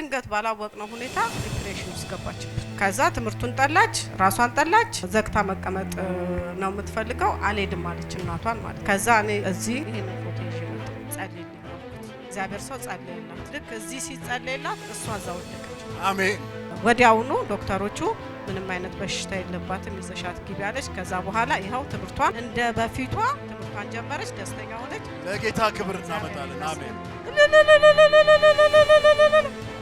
ድንገት ባላወቅነው ሁኔታ ዲፕሬሽን ውስጥ ገባች። ከዛ ትምህርቱን ጠላች፣ ራሷን ጠላች። ዘግታ መቀመጥ ነው የምትፈልገው። አልሄድም አለች እናቷን ማለት ከዛ እኔ እዚህ ይህን ፎቶ ይዤ እግዚአብሔር ሰው ጸለየላት። ልክ እዚህ ሲጸለየላት እሷ እዛ ወደቀች። አሜን። ወዲያውኑ ዶክተሮቹ ምንም አይነት በሽታ የለባትም ይዘሻት ግቢ አለች። ከዛ በኋላ ይኸው ትምህርቷን እንደ በፊቷ ትምህርቷን ጀመረች፣ ደስተኛ ሆነች። ለጌታ ክብር እናመጣለን። አሜን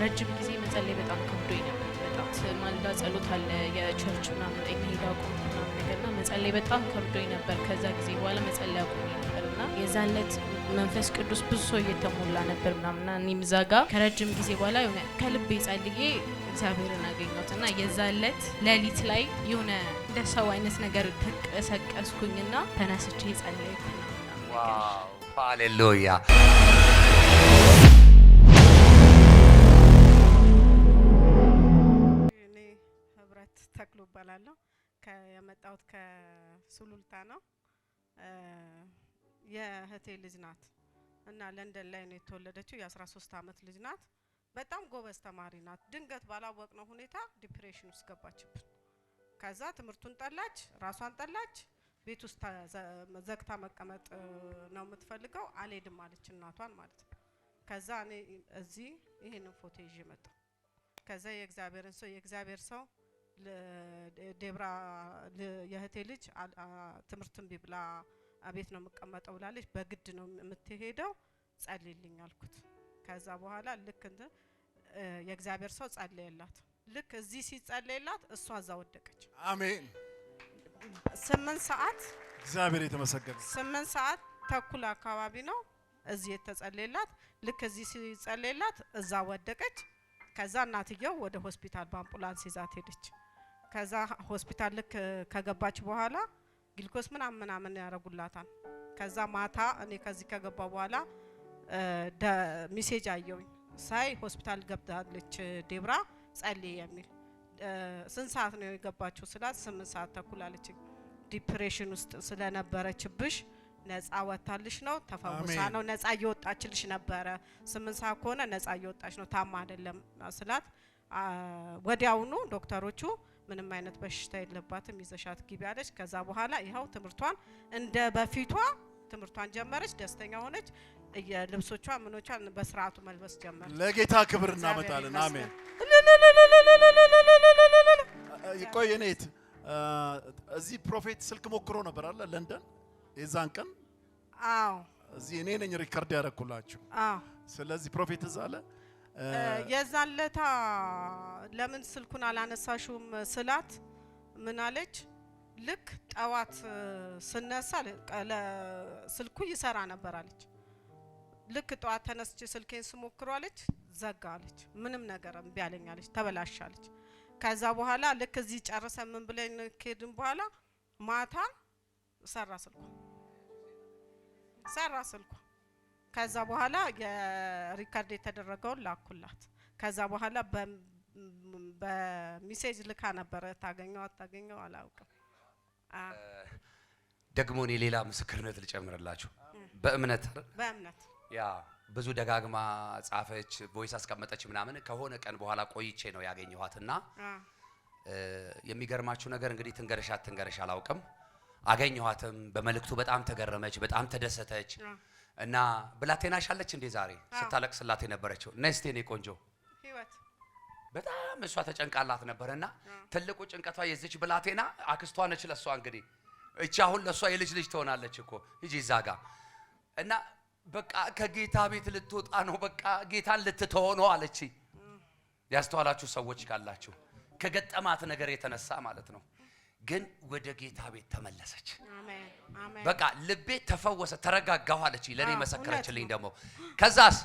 ረጅም ጊዜ መጸለይ በጣም ከብዶኝ ነበር። በጣም ማልዳ ጸሎት አለ የቸርች ምናምን መሄድ አቁም ምናምን ነገርና መጸለይ በጣም ከብዶኝ ነበር። ከዛ ጊዜ በኋላ መጸለይ አቁም ነበርና የዛን ዕለት መንፈስ ቅዱስ ብዙ ሰው እየተሞላ ነበር ምናምና እኔም እዛ ጋ ከረጅም ጊዜ በኋላ የሆነ ከልቤ ጸልዬ እግዚአብሔርን አገኘሁት እና የዛን ዕለት ሌሊት ላይ የሆነ እንደ ሰው አይነት ነገር ተቀሰቀስኩኝና ተነስቼ ጸለይኩ። ሃሌሉያ እባላለሁ። የመጣሁት ከሱሉልታ ነው። የእህቴ ልጅ ናት እና ለንደን ላይ ነው የተወለደችው። የ13 ዓመት ልጅ ናት። በጣም ጎበዝ ተማሪ ናት። ድንገት ባላወቅነው ሁኔታ ዲፕሬሽን ውስጥ ገባችብን። ከዛ ትምህርቱን ጠላች፣ ራሷን ጠላች። ቤት ውስጥ ዘግታ መቀመጥ ነው የምትፈልገው። አልሄድም አለች እናቷን ማለት ነው። ከዛ እኔ እዚህ ይህንን ፎቶ ይዤ መጣሁ። ከዛ የእግዚአብሔርን ሰው የእግዚአብሔር ሰው ለዴብራ የእህቴ ልጅ ትምህርትን ቢብላ ቤት ነው የምቀመጠው ብላለች። በግድ ነው የምትሄደው ጸልይልኝ አልኩት። ከዛ በኋላ ልክ እንትን የእግዚአብሔር ሰው ጸለየላት። ልክ እዚህ ሲጸለይላት እሷ እዛ ወደቀች። አሜን። ስምንት ሰዓት እግዚአብሔር የተመሰገነ ስምንት ሰዓት ተኩል አካባቢ ነው እዚህ የተጸለየላት። ልክ እዚህ ሲጸለይላት እዛ ወደቀች። ከዛ እናትየው ወደ ሆስፒታል በአምቡላንስ ይዛት ሄደች። ከዛ ሆስፒታል ልክ ከገባች በኋላ ግልኮስ ምናምን ምናምን ያደርጉላታል። ከዛ ማታ እኔ ከዚህ ከገባ በኋላ ሚሴጅ አየውኝ ሳይ ሆስፒታል ገብታለች ዴብራ ጸልይ የሚል ስንት ሰዓት ነው የገባችው ስላት ስምንት ሰዓት ተኩል አለች። ዲፕሬሽን ውስጥ ስለነበረችብሽ ነጻ ወታልሽ ነው ተፈውሳ ነው ነጻ እየወጣችልሽ ነበረ። ስምንት ሰዓት ከሆነ ነጻ እየወጣች ነው ታማ አይደለም ስላት ወዲያውኑ ዶክተሮቹ ምንም አይነት በሽታ የለባትም ይዘሻት ግቢ አለች። ከዛ በኋላ ይኸው ትምህርቷን እንደ በፊቷ ትምህርቷን ጀመረች። ደስተኛ ሆነች። የልብሶቿ ምኖቿን በስርዓቱ መልበስ ጀመረች። ለጌታ ክብር እናመጣለን። አሜን። ቆይ እኔት እዚህ ፕሮፌት ስልክ ሞክሮ ነበር አለ ለንደን የዛን ቀን። አዎ እዚህ እኔ ነኝ ሪከርድ ያደረኩላችሁ። ስለዚህ ፕሮፌት እዛ አለ የዛለታ ለምን ስልኩን አላነሳሽውም ስላት ምን አለች? ልክ ጠዋት ስነሳ ስልኩ ይሰራ ነበር አለች። ልክ ጠዋት ተነስቼ ስልኬን ስሞክሮ አለች ዘጋ አለች። ምንም ነገር እምቢ አለኝ አለች፣ ተበላሽ አለች። ከዛ በኋላ ልክ እዚህ ጨርሰን ምን ብለን ከሄድን በኋላ ማታ ሰራ ስልኳ ሰራ ስልኳ ከዛ በኋላ የሪከርድ የተደረገውን ላኩላት። ከዛ በኋላ በሚሴጅ ልካ ነበረ። ታገኘው አታገኘው አላውቅም። ደግሞ እኔ ሌላ ምስክርነት ልጨምርላችሁ። በእምነት በእምነት ያ ብዙ ደጋግማ ጻፈች፣ ቮይስ አስቀመጠች ምናምን። ከሆነ ቀን በኋላ ቆይቼ ነው ያገኘኋት እና የሚገርማችሁ ነገር እንግዲህ ትንገረሻ ትንገረሻ አላውቅም። አገኘኋትም። በመልእክቱ በጣም ተገረመች፣ በጣም ተደሰተች። እና ብላቴና ሻለች እንዴ? ዛሬ ስታለቅስላት የነበረችው ነስቴ ነው ቆንጆ በጣም እሷ ተጨንቃላት ነበር። ትልቁ ጭንቀቷ የዚች ብላቴና አክስቷ ነች። ለእሷ እንግዲህ እቺ አሁን ለእሷ የልጅ ልጅ ትሆናለች እኮ እጂ እዛ ጋ እና በቃ ከጌታ ቤት ልትወጣ ነው፣ በቃ ጌታን ልትተወ ነው አለች። ያስተዋላችሁ ሰዎች ካላችሁ ከገጠማት ነገር የተነሳ ማለት ነው። ግን ወደ ጌታ ቤት ተመለሰች። በቃ ልቤ ተፈወሰ፣ ተረጋጋሁ አለች። ለእኔ መሰከረችልኝ። ደግሞ ከዛስ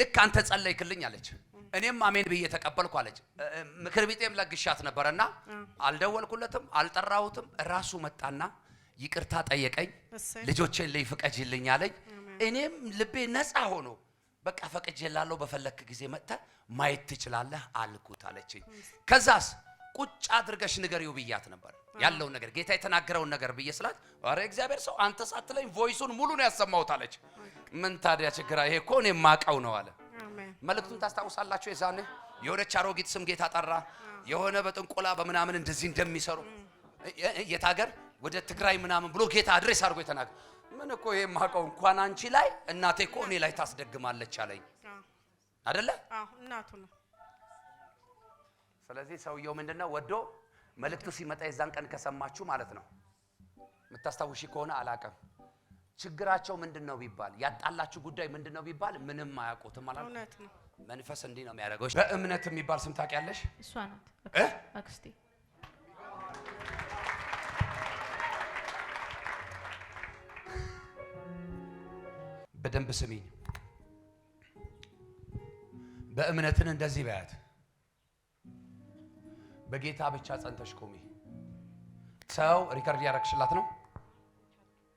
ልክ አንተ ጸለይክልኝ አለች። እኔም አሜን ብዬ ተቀበልኩ አለች። ምክር ቢጤም ለግሻት ነበረና አልደወልኩለትም፣ አልጠራሁትም። ራሱ መጣና ይቅርታ ጠየቀኝ። ልጆቼን ልይ ፍቀጅልኝ አለኝ። እኔም ልቤ ነፃ ሆኖ በቃ ፈቅጄላለሁ፣ በፈለክ ጊዜ መጥተህ ማየት ትችላለህ አልኩት አለችኝ። ከዛስ ቁጭ አድርገሽ ንገሪው ብያት ነበር ያለውን ነገር ጌታ የተናገረውን ነገር ብዬ ስላት፣ ኧረ እግዚአብሔር ሰው አንተ ሳትለኝ ቮይሱን ሙሉ ነው ያሰማሁት አለች። ምን ታዲያ ችግራ ይሄ እኮ እኔ የማውቀው ነው አለ። መልእክቱን ታስታውሳላችሁ? የዛኔ የሆነች አሮጊት ስም ጌታ ጠራ። የሆነ በጥንቆላ በምናምን እንደዚህ እንደሚሰሩ የት ሀገር ወደ ትግራይ ምናምን ብሎ ጌታ አድሬስ አድርጎ የተናገረ ምን እኮ ይሄ የማውቀው እንኳን አንቺ ላይ እናቴ እኮ እኔ ላይ ታስደግማለች አለኝ። አደለ እናቱ ነው ስለዚህ ሰውየው ምንድነው ወዶ መልእክቱ ሲመጣ የዛን ቀን ከሰማችሁ ማለት ነው። የምታስታውሺ ከሆነ አላቀም ችግራቸው ምንድን ነው ቢባል ያጣላችሁ ጉዳይ ምንድን ነው ቢባል ምንም አያውቁትም ማለት ነው። መንፈስ እንዲህ ነው የሚያደርገው። በእምነት የሚባል ስም ታውቂያለሽ? እሷ ናት አክስቴ። በደንብ ስሚኝ። በእምነትን እንደዚህ በያት በጌታ ብቻ ጸንተሽ ቆሚ። ሰው ሪከርድ ያረግሽላት ነው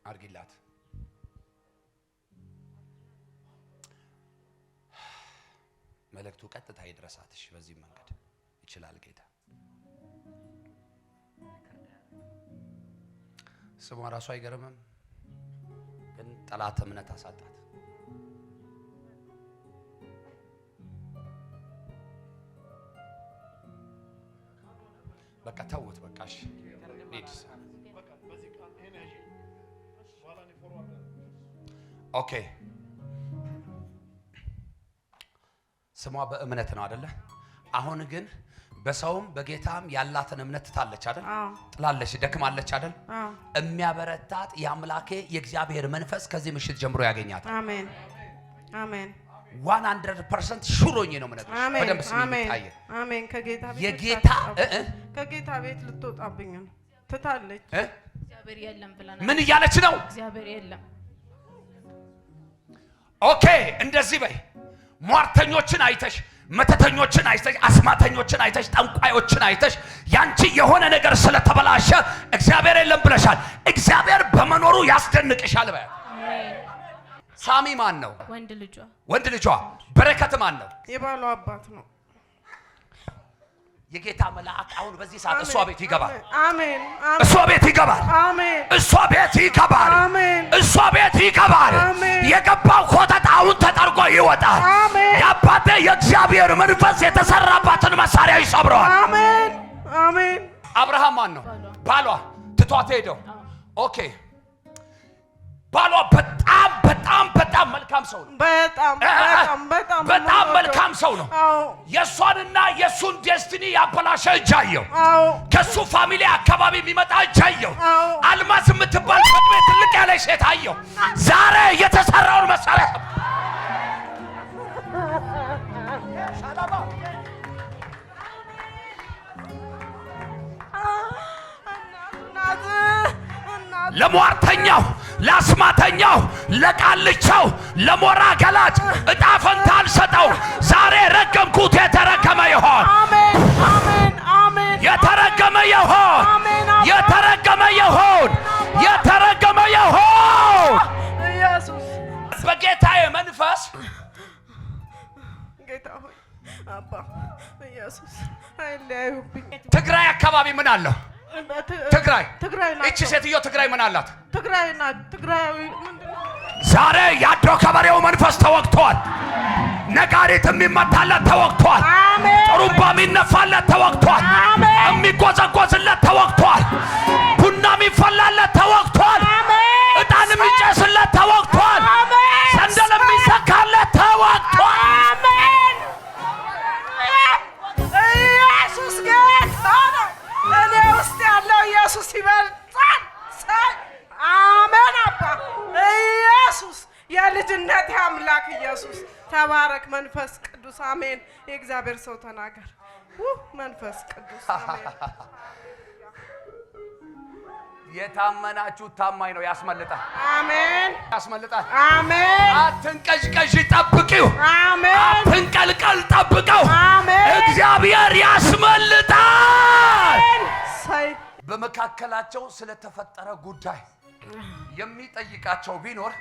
አድርጊላት። መልእክቱ ቀጥታ ይድረሳትሽ። በዚህ መንገድ ይችላል ጌታ። ስሟ ራሱ አይገርምም? ግን ጠላት እምነት አሳጣት። በቃ ተውት፣ በቃ እሺ፣ ኦኬ። ስሟ በእምነት ነው አደለ? አሁን ግን በሰውም በጌታም ያላትን እምነት ትታለች አይደል? ጥላለች፣ ደክማለች አይደል? የሚያበረታት የአምላኬ የእግዚአብሔር መንፈስ ከዚህ ምሽት ጀምሮ ያገኛታል። አሜን አሜን። 100 ፐርሰንት ሹሮኝ ነው የምነግርሽ። በደንብ ስሚ ታየ። አሜን። ከጌታ ቤት የጌታ ከጌታ ቤት ልትወጣብኝ ነው ትታለች። እግዚአብሔር የለም ብላ ምን እያለች ነው? እግዚአብሔር የለም። ኦኬ፣ እንደዚህ በይ። ሟርተኞችን አይተሽ፣ መተተኞችን አይተሽ፣ አስማተኞችን አይተሽ፣ ጠንቋዮችን አይተሽ፣ ያንቺ የሆነ ነገር ስለተበላሸ እግዚአብሔር የለም ብለሻል። እግዚአብሔር በመኖሩ ያስደንቅሻል በያት ሳሚ ማን ነው? ወንድ ልጇ። ወንድ ልጇ በረከት ማን ነው? የባሏ አባት ነው። የጌታ መልአክ አሁን በዚህ ሰዓት እሷ ቤት ይገባል። አሜን። እሷ ቤት ይገባል። አሜን። እሷ ቤት ይገባል። አሜን። እሷ ቤት ይገባል። የገባው ኮተት አሁን ተጠርጎ ይወጣል። የአባቴ የእግዚአብሔር መንፈስ የተሰራባትን መሳሪያ ይሰብረዋል። አሜን። አሜን። አብርሃም ማን ነው? ባሏ። ትቷት ሄደው። ኦኬ። ባሏ በጣም በጣም በጣም መልካም ሰው ነው። በጣም በጣም በጣም መልካም ሰው ነው። የእሷንና የእሱን ዴስቲኒ ያበላሸ እጃየው ከእሱ ፋሚሊ አካባቢ የሚመጣ እጃየው አልማዝ የምትባል ትልቅ ያለ ሴት አየው ዛሬ የተሰራውን መሳሪያ ለቃልቻው ለሞራ ገላጭ እጣ ፈንታ አልሰጠው። ዛሬ ረገምኩት። የተረገመ ይሆን የተረገመ ይሆን የተረገመ ይሆን የተረገመ ይሆን። በጌታዬ መንፈስ ትግራይ አካባቢ ምን አለው? ትግራይ ትግራይ፣ እቺ ሴትዮ ትግራይ ምን አላት? ትግራይ ናት። ትግራይ ዛሬ ያድሮ ከበሬው መንፈስ ተወቅቷል። ነጋሪት የሚመታለት ተወቅቷል። ጥሩምባ የሚነፋለት ተወቅቷል። የሚጎዘጎዝለት ተወቅቷል። ቡና የሚፈላለት ተወቅቷል። ዕጣን የሚጨስለት ተወግቷል። የእግዚአብሔር ሰው ተናገር። መንፈስ ቅዱስ የታመናችሁ ታማኝ ነው፣ ያስመልጣል። አሜን፣ ያስመልጣል። አሜን። አትንቀዥቀዥ፣ ጠብቂው። አሜን። አትንቀልቀል፣ ጠብቀው። አሜን። እግዚአብሔር ያስመልጣል። በመካከላቸው ስለተፈጠረ ጉዳይ የሚጠይቃቸው ቢኖር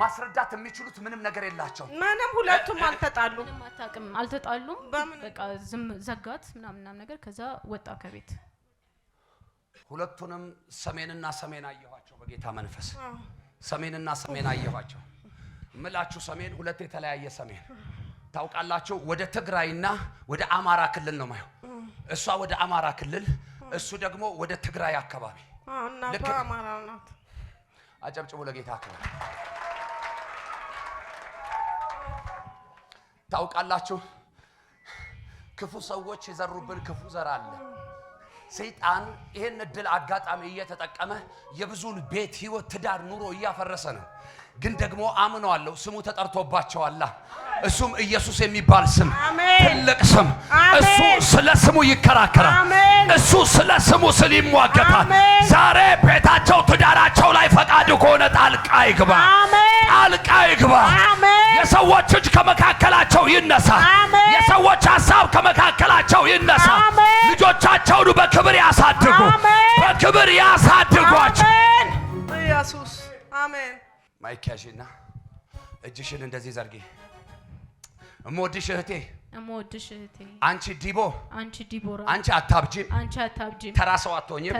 ማስረዳት የሚችሉት ምንም ነገር የላቸው። ምንም ሁለቱም አልተጣሉም፣ አታውቅም፣ አልተጣሉም። በቃ ዝም ዘጋት ምናምን ነገር። ከዛ ወጣ ከቤት። ሁለቱንም ሰሜንና ሰሜን አየኋቸው በጌታ መንፈስ። ሰሜንና ሰሜን አየኋቸው ምላችሁ ሰሜን ሁለት የተለያየ ሰሜን ታውቃላችሁ። ወደ ትግራይና ወደ አማራ ክልል ነው ማየው። እሷ ወደ አማራ ክልል፣ እሱ ደግሞ ወደ ትግራይ አካባቢ ልክ አጨብጭቡ ለጌታ ክብር። ታውቃላችሁ ክፉ ሰዎች የዘሩብን ክፉ ዘር አለ። ሰይጣን ይህን እድል አጋጣሚ እየተጠቀመ የብዙን ቤት፣ ህይወት፣ ትዳር፣ ኑሮ እያፈረሰ ነው። ግን ደግሞ አምነዋለሁ ስሙ ተጠርቶባቸዋላ። እሱም ኢየሱስ የሚባል ስም ትልቅ ስም፣ እሱ ስለ ስሙ ይከራከራል። እሱ ስለ ስሙ ስል ይሟገታል። ዛሬ ቤታቸው፣ ትዳራቸው ላይ ፈቃድ ከሆነ ጣልቃ ይግባ፣ ጣልቃ ይግባ። የሰዎች እጅ ከመካከላቸው ይነሳ፣ የሰዎች ሀሳብ ከመካከላቸው ይነሳ። ልጆቻቸውን በክብር ያሳድጉ፣ በክብር ያሳድጓቸው። ኢየሱስ አሜን። ማይክ ያዢና እጅሽን እንደዚህ ዘርጊ። እምወድሽ እህቴ እምወድሽ እህቴ አንቺ ዲቦ አንቺ ዲቦራ አንቺ አታብጂ አንቺ አታብጂ ተራ ሰው አትሆኝም።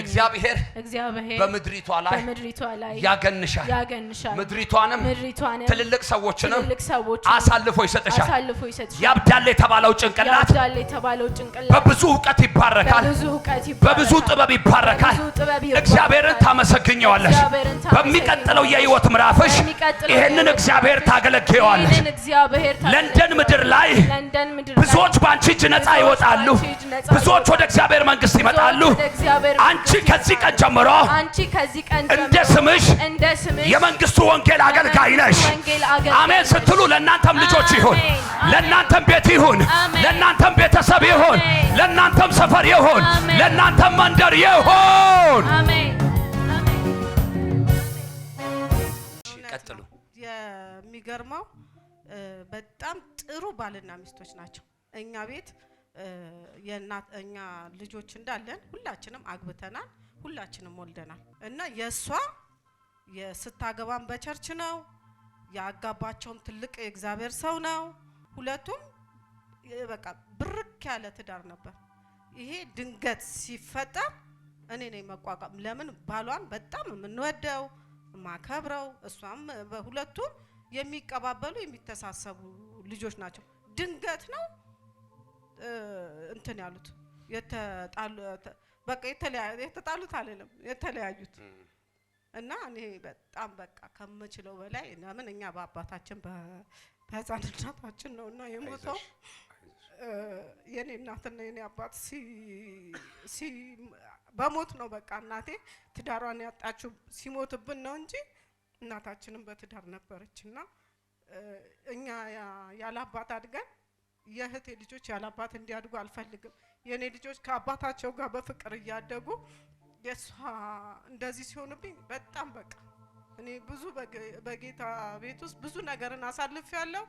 እግዚአብሔር እግዚአብሔር በምድሪቷ ላይ በምድሪቷ ላይ ያገንሻል ያገንሻል ምድሪቷንም ምድሪቷንም ትልልቅ ሰዎችንም ትልልቅ ሰዎች አሳልፎ ይሰጥሻል አሳልፎ ይሰጥሻል። ያብዳል የተባለው ጭንቅላት ያብዳል የተባለው ጭንቅላት በብዙ እውቀት ይባረካል በብዙ ጥበብ ይባረካል። እግዚአብሔርን ታመሰግኘዋለሽ። በሚቀጥለው የህይወት ምዕራፍሽ ይሄንን እግዚአብሔር ታገለግየዋለሽ። ለንደን ምድር ላይ ብዙዎች በአንቺ እጅ ነፃ ይወጣሉ። ብዙዎች ወደ እግዚአብሔር መንግስት ይመጣሉ። አንቺ ከዚህ ቀን ጀምሮ እንደ ስምሽ የመንግስቱ ወንጌል አገልጋይ ነሽ። አሜን ስትሉ ለእናንተም ልጆች ይሁን፣ ለእናንተም ቤት ይሁን፣ ለእናንተም ቤተሰብ ይሁን፣ ለእናንተም ሰፈር ይሁን፣ ለእናንተም መንደር ይሁን። የሚገርመው በጣም ጥሩ ባልና ሚስቶች ናቸው። እኛ ቤት እኛ ልጆች እንዳለን ሁላችንም አግብተናል፣ ሁላችንም ወልደናል እና የእሷ ስታገባም በቸርች ነው ያጋባቸውም ትልቅ የእግዚአብሔር ሰው ነው። ሁለቱም በቃ ብርክ ያለ ትዳር ነበር። ይሄ ድንገት ሲፈጠር እኔ ነኝ መቋቋም። ለምን ባሏን በጣም የምንወደው ማከብረው እሷም በሁለቱም የሚቀባበሉ የሚተሳሰቡ ልጆች ናቸው። ድንገት ነው እንትን ያሉት የተጣሉት አልልም የተለያዩት እና እኔ በጣም በቃ ከምችለው በላይ ለምን እኛ በአባታችን በህፃን ነው እና የሞተው የኔ እናትና የኔ አባት በሞት ነው። በቃ እናቴ ትዳሯን ያጣችው ሲሞትብን ነው እንጂ እናታችንም በትዳር ነበረች እና እኛ ያለ አባት አድገን የእህቴ ልጆች ያለ አባት እንዲያድጉ አልፈልግም። የእኔ ልጆች ከአባታቸው ጋር በፍቅር እያደጉ የእሷ እንደዚህ ሲሆንብኝ በጣም በቃ እኔ ብዙ በጌታ ቤት ውስጥ ብዙ ነገርን አሳልፍ ያለው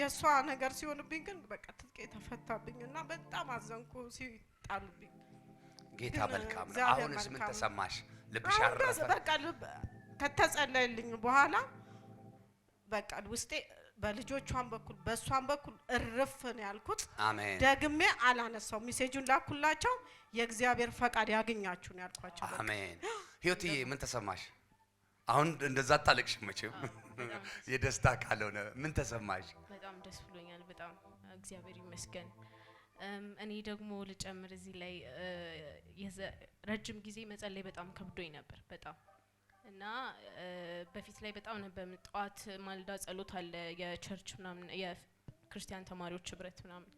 የእሷ ነገር ሲሆንብኝ ግን በቃ ትጥቄ ተፈታብኝ እና በጣም አዘንኩ ሲጣሉብኝ። ጌታ መልካም ነው። አሁንስ ምን ተሰማሽ? ልብሽ አረፈ? ከተጸለየልኝ በኋላ በቃ ውስጤ በልጆቿን በኩል በእሷን በኩል እርፍ ነው ያልኩት። ደግሜ አላነሳው ሚሴጁን ላኩላቸው። የእግዚአብሔር ፈቃድ ያገኛችሁ ነው ያልኳቸው። አሜን። ህይወትዬ ምን ተሰማሽ? አሁን እንደዛ ታለቅሽ መቼም የደስታ ካልሆነ ምን ተሰማሽ? በጣም ደስ ብሎኛል። በጣም እግዚአብሔር ይመስገን። እኔ ደግሞ ልጨምር እዚህ ላይ ረጅም ጊዜ መጸለይ በጣም ከብዶኝ ነበር በጣም እና በፊት ላይ በጣም ነበር ጠዋት ማልዳ ጸሎት አለ የቸርች ምናምን የክርስቲያን ተማሪዎች ህብረት ምናምን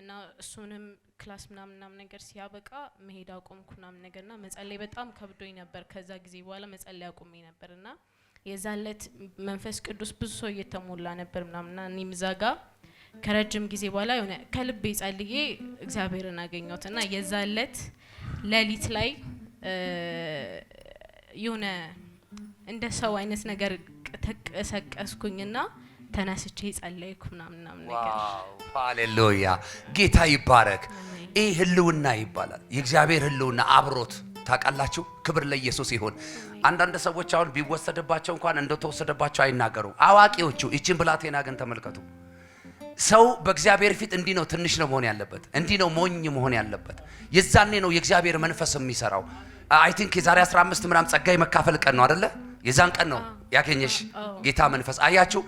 እና እሱንም ክላስ ምናምን ምናምን ነገር ሲያበቃ መሄድ አቆምኩ ምናምን ነገር ና መጸለይ በጣም ከብዶኝ ነበር። ከዛ ጊዜ በኋላ መጸለይ አቁሜ ነበር እና የዛለት መንፈስ ቅዱስ ብዙ ሰው እየተሞላ ነበር ምናምንና እኔም እዛ ጋ ከረጅም ጊዜ በኋላ የሆነ ከልቤ ጸልዬ እግዚአብሔርን አገኘሁት እና የዛለት ዕለት ሌሊት ላይ የሆነ እንደ ሰው አይነት ነገር ተቀሰቀስኩኝና ተነስቼ ጸለይኩ ምናምን ምናምን ነገር። ሃሌሉያ ጌታ ይባረክ። ይህ ህልውና ይባላል። የእግዚአብሔር ህልውና አብሮት ታውቃላችሁ። ክብር ለኢየሱስ ይሁን። አንዳንድ ሰዎች አሁን ቢወሰድባቸው እንኳን እንደተወሰደባቸው አይናገሩም። አዋቂዎቹ ይችን ብላቴና ግን ተመልከቱ። ሰው በእግዚአብሔር ፊት እንዲህ ነው ትንሽ ነው መሆን ያለበት፣ እንዲህ ነው ሞኝ መሆን ያለበት። የዛኔ ነው የእግዚአብሔር መንፈስ የሚሰራው። አይ ቲንክ የዛሬ 15 ምናምን ጸጋይ መካፈል ቀን ነው አደለ የዛን ቀን ነው ያገኘሽ ጌታ መንፈስ። አያችሁ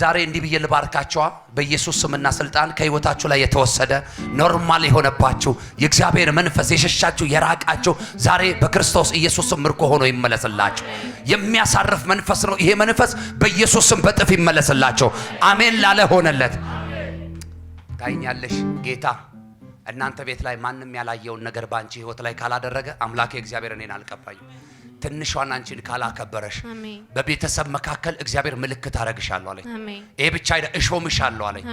ዛሬ እንዲህ ብዬ ልባርካቸዋ በኢየሱስ ስምና ስልጣን ከህይወታችሁ ላይ የተወሰደ ኖርማል የሆነባችሁ የእግዚአብሔር መንፈስ የሸሻችሁ የራቃችሁ ዛሬ በክርስቶስ ኢየሱስም ምርኮ ሆኖ ይመለስላችሁ። የሚያሳርፍ መንፈስ ነው ይሄ መንፈስ በኢየሱስም በጥፍ ይመለስላቸው። አሜን ላለ ሆነለት። ታይኛለሽ ጌታ እናንተ ቤት ላይ ማንም ያላየውን ነገር በአንቺ ህይወት ላይ ካላደረገ አምላኬ እግዚአብሔር እኔን አልቀባኝም። ትንሿን አንቺን ካላከበረሽ በቤተሰብ መካከል እግዚአብሔር ምልክት አረግሻለሁ አለኝ። ይሄ ብቻ አይደ እሾምሻለሁ አለኝ፣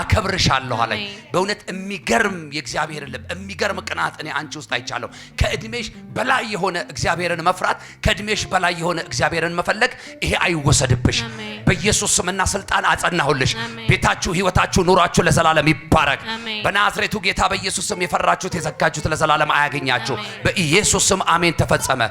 አከብርሻለሁ አለኝ። በእውነት የሚገርም የእግዚአብሔር ልብ የሚገርም ቅናት እኔ አንቺ ውስጥ አይቻለሁ። ከእድሜሽ በላይ የሆነ እግዚአብሔርን መፍራት፣ ከእድሜሽ በላይ የሆነ እግዚአብሔርን መፈለግ፣ ይሄ አይወሰድብሽ። በኢየሱስ ስምና ስልጣን አጸናሁልሽ። ቤታችሁ፣ ህይወታችሁ፣ ኑሯችሁ ለዘላለም ይባረክ። በናዝሬቱ ጌታ በኢየሱስ ስም የፈራችሁት የዘጋችሁት ለዘላለም አያገኛችሁ። በኢየሱስ ስም አሜን። ተፈጸመ።